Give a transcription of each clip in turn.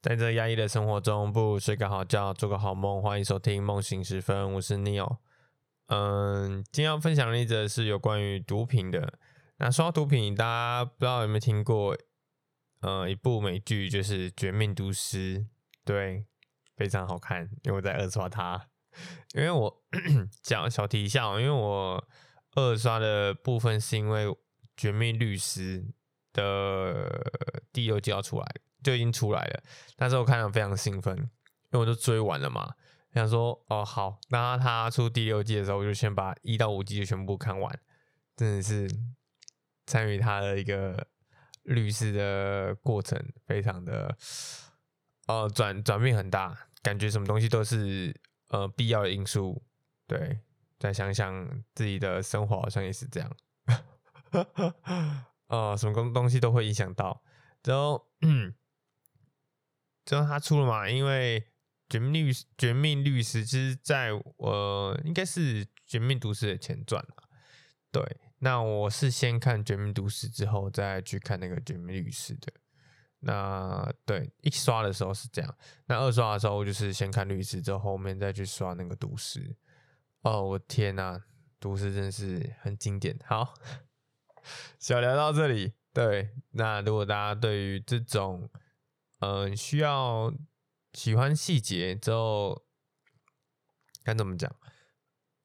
在這壓抑的生活中，不如睡個好覺，做個好夢。歡迎收聽《夢醒時分》，我是 Neil。嗯，今天要分享的例子是有關於毒品的。那說到毒品，大家不知道有沒有聽過？呃、嗯，一部美劇就是《絕命毒師》，對，非常好看。因為我在二刷它，因為我講小提一下，因為我二刷的部分是因為《絕命律師》的第六季要出來。就已經出來了，但是我看了非常興奮，因為我都追完了嘛，想說哦、呃、好，那他出第六季的時候，我就先把一到五季就全部看完。真的是參與他的一個律師的過程，非常的呃轉轉變很大，感覺什麼東西都是呃必要的因素。對，再想想自己的生活，好像也是這樣，啊、 呃，什麼東東西都會影響到，然後。之後他出了嘛？因為《絕命律絕命律師其實》是在呃，應該是《絕命毒師》的前傳，對，那我是先看《絕命毒師》之後再去看那個《絕命律師》的。那對，一刷的時候是這樣，那二刷的時候就是先看律師，之後後面再去刷那個毒師。哦，我的天哪，毒師真是很經典。好，小聊到這裡。對，那如果大家對於這種……嗯、呃，需要喜歡細節，之後該怎麼講？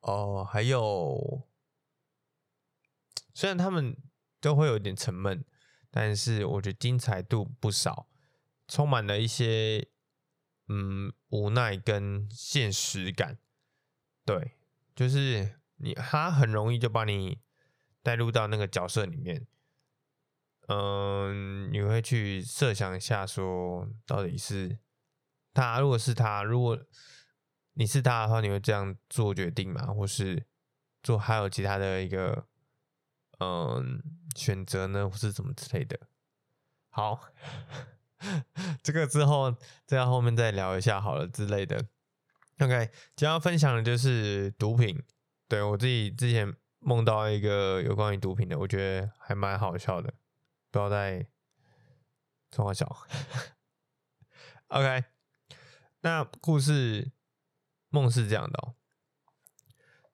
哦，還有，雖然他們都會有點沉悶，但是我覺得精彩度不少，充滿了一些嗯無奈跟現實感。對，就是你，他很容易就把你帶入到那個角色裡面。嗯，你會去設想一下，說到底是他，如果是他，如果你是他的話，你會這樣做決定嗎？或是做還有其他的一個嗯選擇呢，或是怎麼之類的？好， 這個之後再到後面再聊一下好了之類的。OK，今天要分享的就是毒品。對，我自己之前夢到一個有關於毒品的，我覺得還蠻好笑的。不要再裝話小 ，OK。那故事夢是這樣的喔。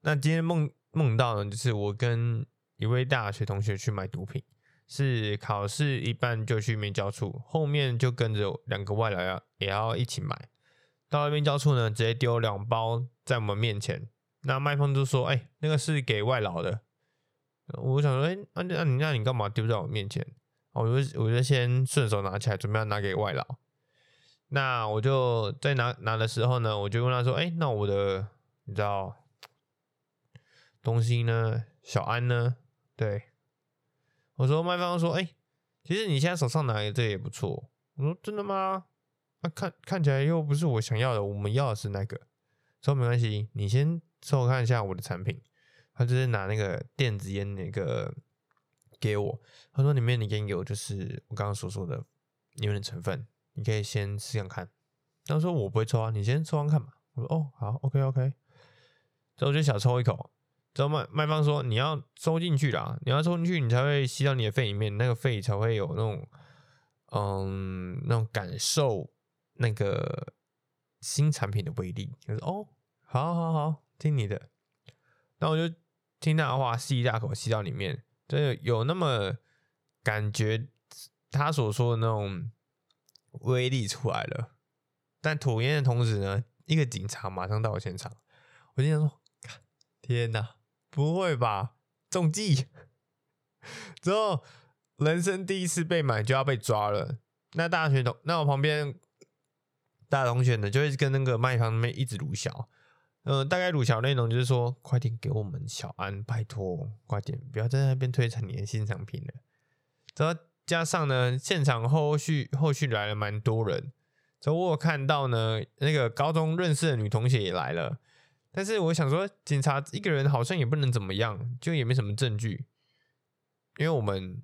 那今天夢夢到呢，就是我跟一位大學同學去買毒品，是考試一半就去面交處，後面就跟着兩個外勞要也要一起買到面交處呢，直接丟兩包在我們面前。那賣方就說：“哎、欸，那個是給外勞的。”我想說：“哎、欸，那那那你幹嘛丟在我面前？”我就我就先順手拿起來，準備要拿給外勞。那我就在拿拿的時候呢，我就問他說：“哎、欸，那我的你知道東西呢？小安呢？”對，我說賣方說：“哎、欸，其實你現在手上拿的這個也不錯。”我說：“真的嗎？那、啊、看看起來又不是我想要的，我們要的是那個。”說：“沒關係，你先湊合看一下我的產品。”他就是拿那個電子菸那個。給我，他說，裡面已經有就是我剛剛所說的裡面的成分，你可以先試試看看。他說我不會抽啊，你先抽完看吧。我說哦，好，OK，OK。所以我就小抽一口，之後賣賣方說你要抽進去啦，你要抽進去，你才會吸到你的肺裡面，那個肺才會有那種嗯那種感受，那個新產品的威力。他說哦，好好好，聽你的。那我就聽他的話，吸一大口，吸到裡面。真的有那麼感覺，他所說的那種威力出來了。但吐煙的同時呢，一個警察馬上到了現場。我心想說：“天吶，不會吧，中計！”之後，人生第一次被買就要被抓了。那大學同那我旁邊大同學呢，就會跟那個賣方那邊一直冷笑。嗯、呃，大概魯橋內容就是說，快點給我們小安，拜託，快點不要在那邊推陳你的新產品了。然後加上呢，現場後續後續來了蠻多人。所以我有看到呢，那個高中認識的女同學也來了。但是我想說，警察一個人好像也不能怎麼樣，就也沒什麼證據。因為我們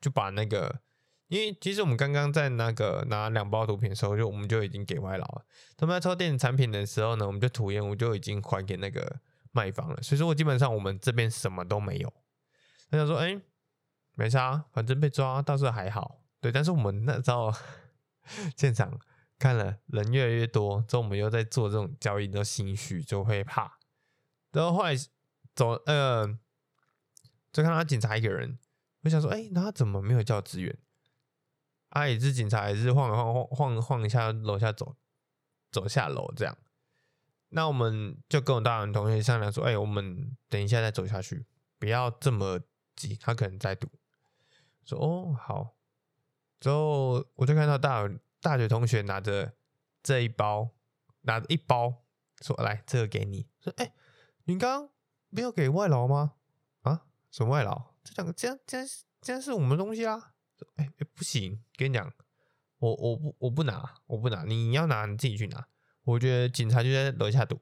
就把那個。因為其實我們剛剛在那個拿兩包毒品的時候，就我們就已經給外勞了。他們在偷電子產品的時候呢，我們就吐煙，我就已經還給那個賣方了。所以說我基本上我們這邊什麼都沒有。他想說，哎、欸，沒事啊，反正被抓倒是還好，對。但是我們那時候現場看了人越來越多之後，我們又在做這種交易，然後心虛，就會怕。然後後來走，呃，就看到警察一個人，我想說，哎、欸，那他怎麼沒有叫支援？阿、啊、姨是警察，也是晃一晃晃晃晃一下，樓下走，走下樓這樣。那我們就跟我大學同學商量說：“哎、欸，我們等一下再走下去，不要這麼急，他可能在堵。”說：“哦，好。”之後我就看到大大學同學拿着這一包，拿着一包，說：“來，這個給你。”說：“哎、欸，你剛剛沒有給外勞嗎？啊，什麼外勞？這兩個竟然竟然竟然是我們東西啦、啊！”哎、欸、哎、欸，不行！跟你講，我我不我不拿，我不拿。你要拿你自己去拿。我覺得警察就在樓下堵。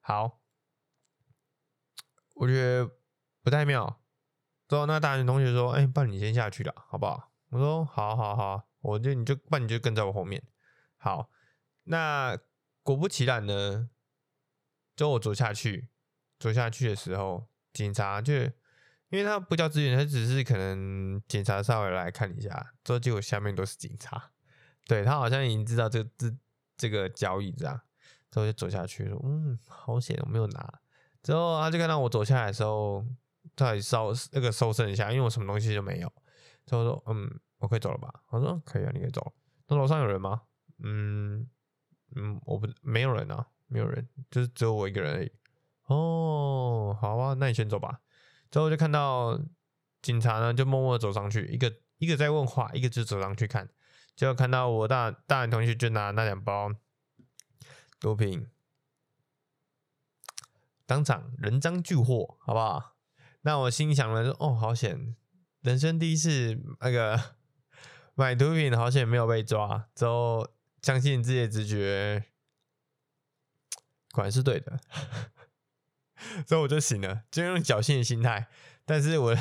好，我覺得不太妙。之後那大學同學說：“哎、欸，不然你先下去了，好不好？”我說：“好，好，好。”我就你就不然你就跟在我後面。好，那果不其然呢，就我走下去，走下去的時候，警察就。因為他不叫支援，他只是可能警察稍微來看一下。之後結果下面都是警察，對他好像已經知道這個、這這個交易這樣，之後就走下去說：“嗯，好險，我沒有拿。”之後他就看到我走下來的時候再收那個收拾一下，因為我什麼東西就沒有。之後我說：“嗯，我可以走了吧？”我說：“可以啊，你可以走。”那樓上有人嗎？嗯嗯，我不沒有人啊，沒有人，就是只有我一個人而已。哦，好啊，那你先走吧。之後就看到警察呢，就默默地走上去，一個一個在問話，一個就走上去看。就看到我大大男同學就拿那兩包毒品，當場人贓俱獲，好不好？那我心想了，哦，好險，人生第一次，那個買毒品好險沒有被抓。”之後相信自己的直覺，果然是對的。所以我就醒了，就用僥倖的心態。但是我，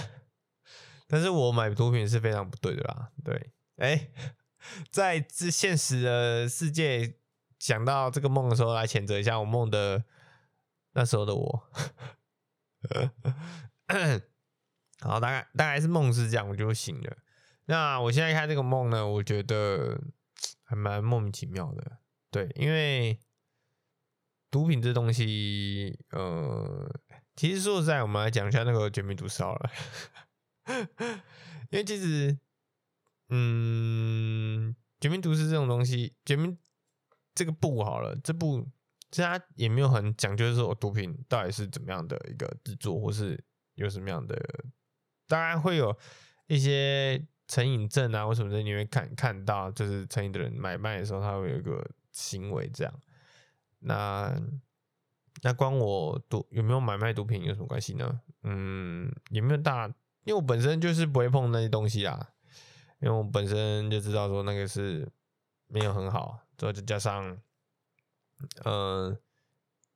但是我買毒品是非常不對的啦。對，哎、欸，在這現實的世界，想到這個夢的時候，來譴責一下我夢的那時候的我。 好，大概大概是夢是這樣，我就醒了。那我現在看這個夢呢，我覺得還蠻莫名其妙的，對，因為。毒品這東西，呃，其實說實在，我們來講一下那個絕命毒師好了， 因為其實，嗯，絕命毒師這種東西，絕命這個不好了，這不，其實它也沒有很講究，就是說毒品到底是怎麼樣的一個製作，或是有什麼樣的，當然會有一些成癮症啊，或者什麼，你會看看到，就是成癮的人買賣的時候，他會有一個行為這樣。那那關我毒有沒有買賣毒品有什麼關係呢？嗯，也沒有大，因為我本身就是不會碰那些東西啊，因為我本身就知道說那個是沒有很好，然後就加上，嗯、呃，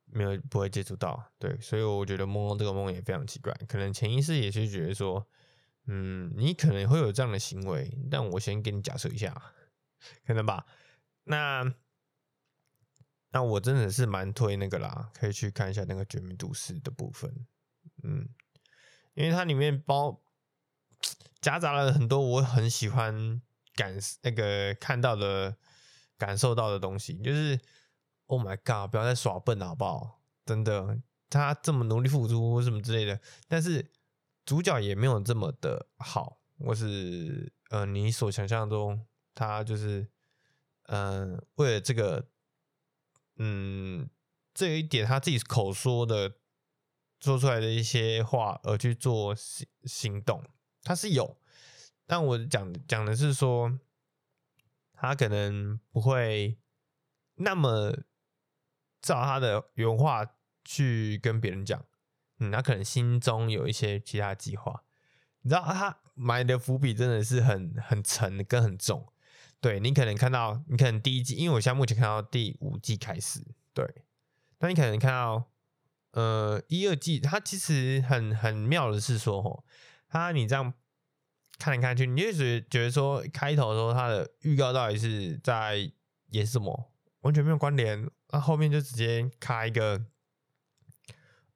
沒有不會接觸到，對，所以我覺得夢這個夢也非常奇怪，可能潛意識也是覺得說，嗯，你可能會有這樣的行為，但我先給你假設一下，可能吧，那。那我真的是蠻推那個啦，可以去看一下那個《絕命毒師》的部分，嗯，因為它裡面包夾雜了很多我很喜歡感那個看到的感受到的東西，就是 Oh my God，不要再耍笨了，好不好？真的，他這麼努力付出什麼之類的，但是主角也沒有這麼的好，或是呃，你所想象中他就是嗯、呃，為了這個。嗯，這一點他自己口說的、說出來的一些話而去做行行動，他是有。但我講講的是說，他可能不會那麼照他的原話去跟別人講。嗯，他可能心中有一些其他計劃。你知道，他埋的伏筆真的是很很沉跟很重。對，你可能看到，你可能第一季，因為我現在目前看到第五季開始。對，那你可能看到，呃，一二季，它其實很很妙的是說，哦，它你這樣看來看去，你就是覺得說，開頭的時候它的預告到底是在演什麼？完全沒有關聯，那、啊、後面就直接開一個，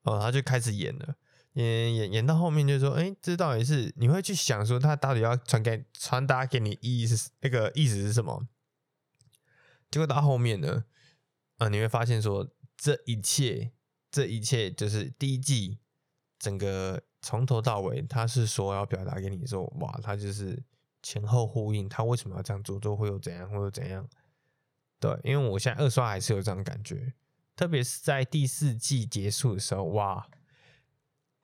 呃、哦，它就開始演了。演演演到後面，就說：“哎，這到底是你會去想說，他到底要傳給傳達給你意思是那、這個意思是什麼？”結果到後面呢，呃，你會發現說，這一切，這一切就是第一季整個從頭到尾，他是說要表達給你說，哇，他就是前後呼應，他為什麼要這樣做，做會有怎樣，或者怎樣？對，因為我現在二刷還是有這樣的感覺，特別是在第四季結束的時候，哇！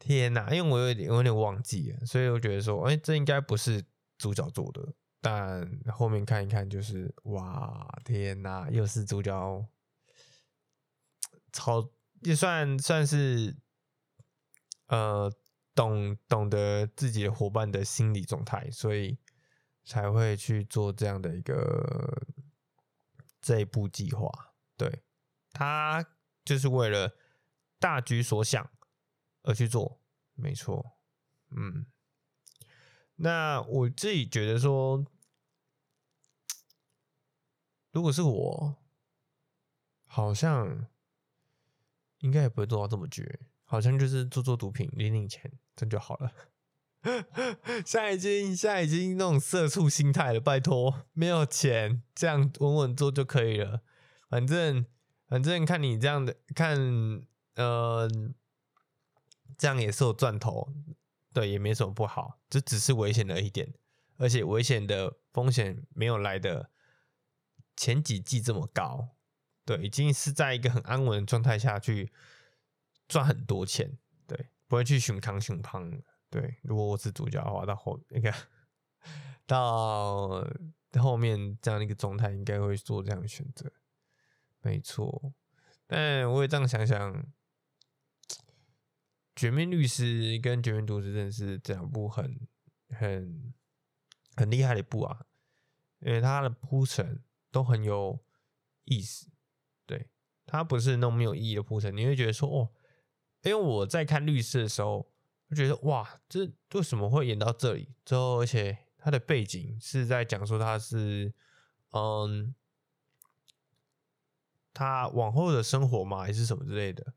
天哪，因為我有點我有點忘記了，所以我覺得說，哎、欸，這應該不是主角做的。但後面看一看，就是哇，天哪，又是主角，超也算算是，呃，懂懂得自己的夥伴的心理狀態，所以才會去做這樣的一個這一步計劃。對，他就是為了大局所想。而去做。沒錯，嗯，那我自己覺得說，如果是我，好像應該也不會做到這麼絕，好像就是做做毒品，領領錢，這樣就好了。現在已經現在已經那種社畜心態了，拜托，沒有錢這樣穩穩做就可以了，反正反正看你這樣的，看嗯、呃這樣也是有賺頭，對，也沒什麼不好，這只是危險的一點，而且危險的風險沒有來的前幾季這麼高，對，已經是在一個很安穩的狀態下去賺很多錢，對，不會去熊扛熊扛，對，如果我是主角的話，到後那個到後面這樣一個狀態，應該會做這樣的選擇，沒錯，但我也這樣想想。絕命律師跟絕命毒師真的是這兩部很、很、很厲害的一部啊，因為它的鋪陳都很有意思。對，它不是那種沒有意義的鋪陳，你會覺得說哦，因為我在看律師的時候就覺得哇，這為什麼會演到這裡之後？而且它的背景是在講說他是嗯，他往後的生活嘛，還是什麼之類的。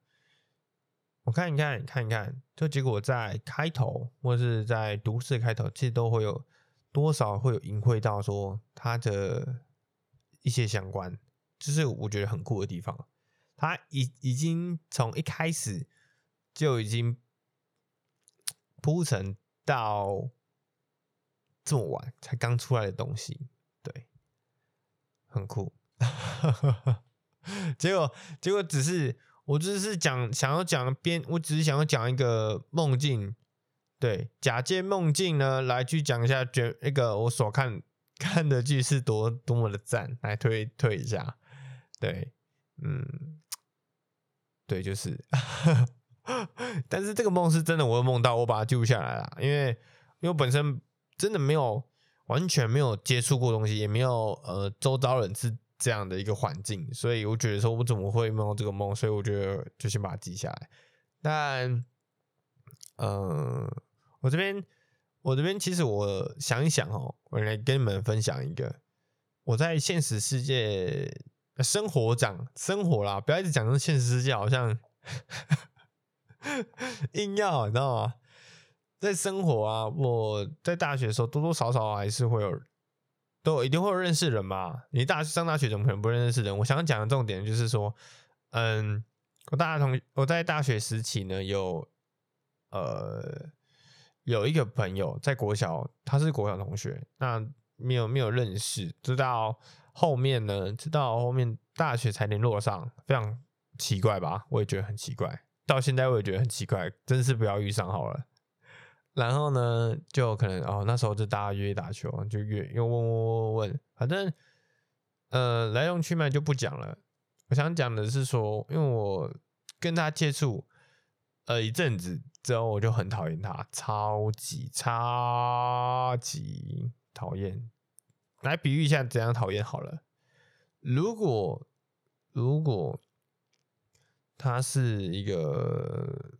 我看一看，看一看，就結果在開頭，或者是在讀四開頭，其實都會有多少會有隱晦到說它的一些相關，就是我覺得很酷的地方。它已已經從一開始就已經鋪陳到這麼晚才剛出來的東西，對，很酷。 結果結果只是。我只是講想要講邊，我只是想要講一個夢境，對，假借夢境呢來去講一下卷一個我所看，看的劇是多多麼的讚，來推推一下，對，嗯，對，就是，呵呵，但是這個夢是真的，我有夢到，我把它記錄下來了，因為因為我本身真的沒有完全沒有接觸過東西，也沒有呃周遭人士。這樣的一個環境，所以我覺得說，我怎麼會夢到這個夢？所以我覺得就先把它記下來。但，嗯，我這邊，我這邊其實我想一想哦，我來跟你們分享一個我在現實世界，啊，生活講生活啦，不要一直講那現實世界，好像硬要 你知道嗎？在生活啊，我在大學的時候多多少少還是會有，都一定會認識人嘛，你大上大學怎麼可能不認識人？我想講的重點就是說，嗯，我大學同我在大學時期呢，有呃有一個朋友在國小，他是國小同學，那沒有沒有認識，直到後面呢，直到後面大學才聯絡上，非常奇怪吧？我也覺得很奇怪，到現在我也覺得很奇怪，真是不要遇上好了。然後呢，就可能哦，那時候就大家約打球，就約又問，問，問，問，反正，呃，來龍去脈就不講了。我想講的是說，因為我跟他接觸，呃，一陣子之後，我就很討厭他，超級超級討厭。來比喻一下怎樣討厭好了。如果如果他是一個，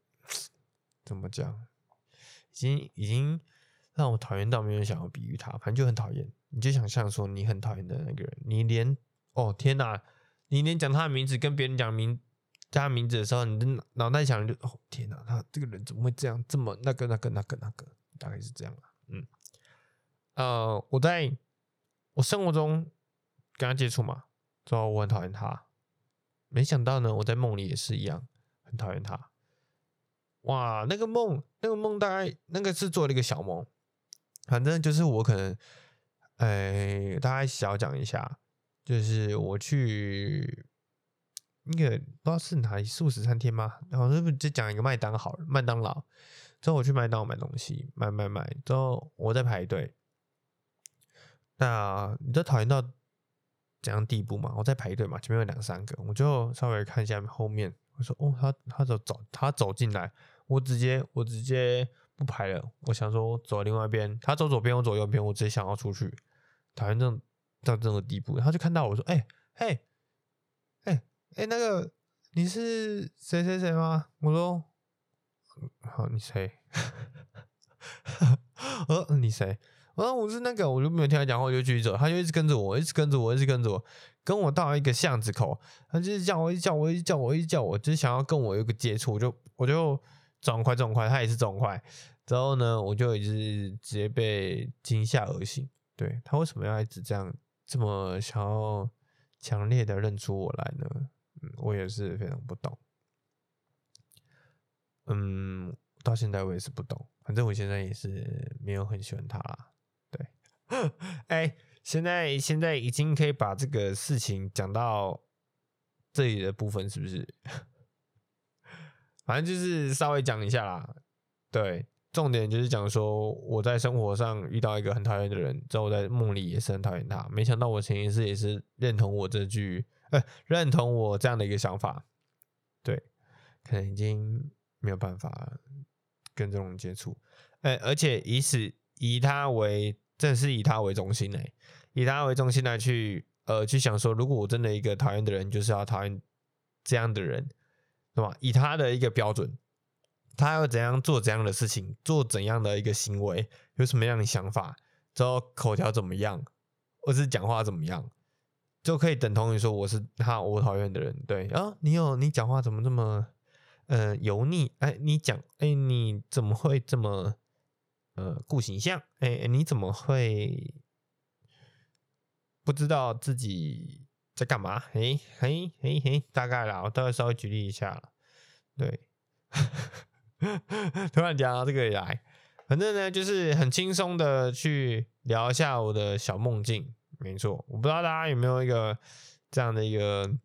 怎麼講？已經已經讓我討厭到沒有想要比喻他，反正就很討厭。你就想象說，你很討厭的那個人，你連哦天哪、啊，你連講他的名字跟別人講名，加他名字的時候，你的腦，腦袋想就哦天哪、啊，他這個人怎麼會這樣，這麼那個那個那個那個，大概是這樣、啊。嗯，呃，我在我生活中跟他接觸嘛，知道我很討厭他。沒想到呢，我在夢裡也是一樣，很討厭他。哇，那個夢，那個夢大概那個是做了一個小夢，反正就是我可能，哎、欸，大概小講一下，就是我去那個不知道是哪素食餐廳嗎？然後是不是就講一個麥當勞，好麥當勞，之後我去麥當勞買東西，買買買，之後我在排隊，那你都討厭到怎樣地步嘛？我在排隊嘛，前面有兩三個，我就稍微看一下後面，我說哦，他他走走，他走進來。我直接我直接不排了，我想說我走另外一邊，他走左邊，我走右邊，我直接想要出去，討厭這種到這種地步，他就看到我說：“哎、欸、嘿，哎、欸、哎、欸欸、那個你是誰誰誰嗎？”我說：“嗯、好你誰？”我說：“你誰？”我 說、嗯嗯：“我是那個我就沒有聽他講話，我就繼續走，他就一直跟着我，一直跟着我，一直跟着我，跟我到一個巷子口，他就是叫我一直叫我一直叫我一直叫我一直叫我一直叫我，就是、想要跟我有一個接觸，我就我就。”這快，這快，他也是這快，之後呢，我就一直直接被驚嚇而醒。對，他為什麼要一直這樣，這麼想要強烈的認出我來呢？嗯，我也是非常不懂。嗯，到現在我也是不懂，反正我現在也是沒有很喜歡他了。對，哎、欸，現在現在已經可以把這個事情講到這裡的部分，是不是？反正就是稍微講一下啦，對，重點就是講說我在生活上遇到一個很討厭的人，之後在夢裡也是很討厭他。沒想到我潛意識也是認同我這句，呃，認同我這樣的一個想法。對，可能已經沒有辦法跟這種人接觸，哎，而且以此以他為，正是以他為中心呢、欸，以他為中心來去，呃，去想說，如果我真的一個討厭的人，就是要討厭這樣的人。是吧？以他的一個標準，他要怎樣做怎樣的事情，做怎樣的一個行為，有什麼樣的想法，之後口條怎麼樣，或是講話怎麼樣，就可以等同於說我是他我，我討厭的人。對啊、哦，你有你講話怎麼這麼呃油膩？哎，你講哎你怎麼會這麼呃顧形象？哎哎你怎麼會不知道自己？在幹嘛？嘿嘿嘿嘿大概啦，我都要稍微舉例一下啦，對， 突然講到這個也來，反正呢，就是很輕鬆的去聊一下我的小夢境。沒錯，我不知道大家有沒有一個這樣的一個，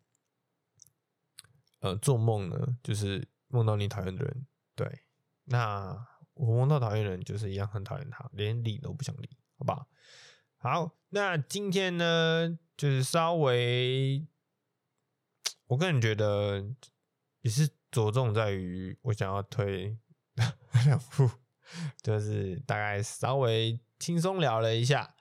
呃，做夢呢，就是夢到你討厭的人。對，那我夢到討厭的人，就是一樣很討厭他，連理都不想理，好不好？好，那今天呢？就是稍微，我個人覺得也是着重在於我想要推兩部，就是大概稍微輕鬆聊了一下。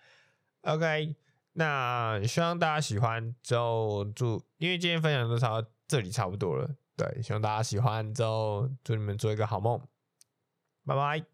OK，那希望大家喜歡，就祝，因為今天分享都差這裡差不多了，對，希望大家喜歡，之後祝你們做一個好夢，拜拜。